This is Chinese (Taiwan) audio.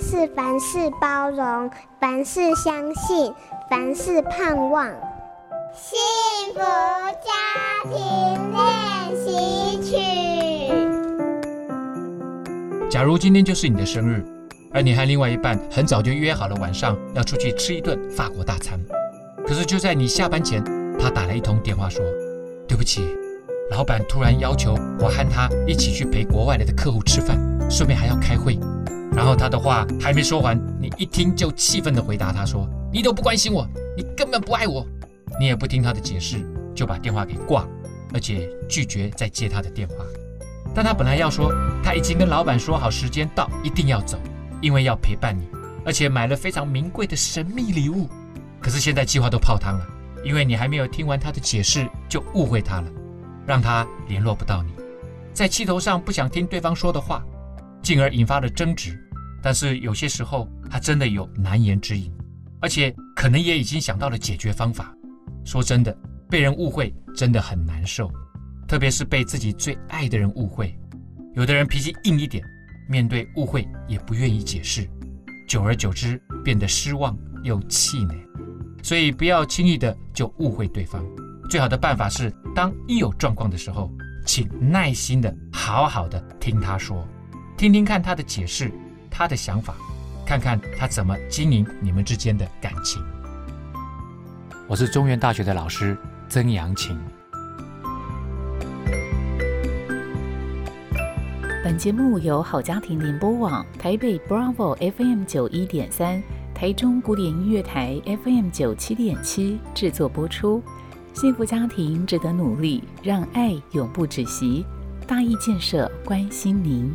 是凡事包容，凡事相信，凡事盼望。幸福家庭練習曲。假如今天就是你的生日，而你和另外一半很早就約好了晚上要出去吃一頓法國大餐，可是就在你下班前，他打了一通電話說：“對不起，老闆突然要求我和他一起去陪國外來的客戶吃飯，順便還要開會。”然後他的話還沒說完，你一聽就氣憤地回答他說：“你都不關心我，你根本不愛我，”你也不聽他的解釋，就把電話給掛了，而且拒絕再接他的電話。但他本來要說他已經跟老闆說好，時間到一定要走，因為要陪伴你，而且買了非常名貴的神秘禮物。可是現在計劃都泡湯了，因為你還沒有聽完他的解釋，就誤會他了，讓他聯絡不到你，在氣頭上不想聽對方說的話，進而引發了爭執。但是有些時候他真的有難言之隱，而且可能也已經想到了解決方法。說真的，被人誤會真的很難受，特別是被自己最愛的人誤會。有的人脾氣硬一點，面對誤會也不願意解釋，久而久之變得失望又氣餒。所以不要輕易的就誤會對方。最好的辦法是，當一有狀況的時候，請耐心的好好的聽他說，聽聽看他的解釋。他的想法，看看他怎麼經營你們之間的感情。我是中原大學的老師曾陽晴。本節目由好家庭聯播網台北 Bravo FM 九一點三、台中古典音樂台 FM 九七點七製作播出。幸福家庭值得努力，讓愛永不止息。大義建設關心您。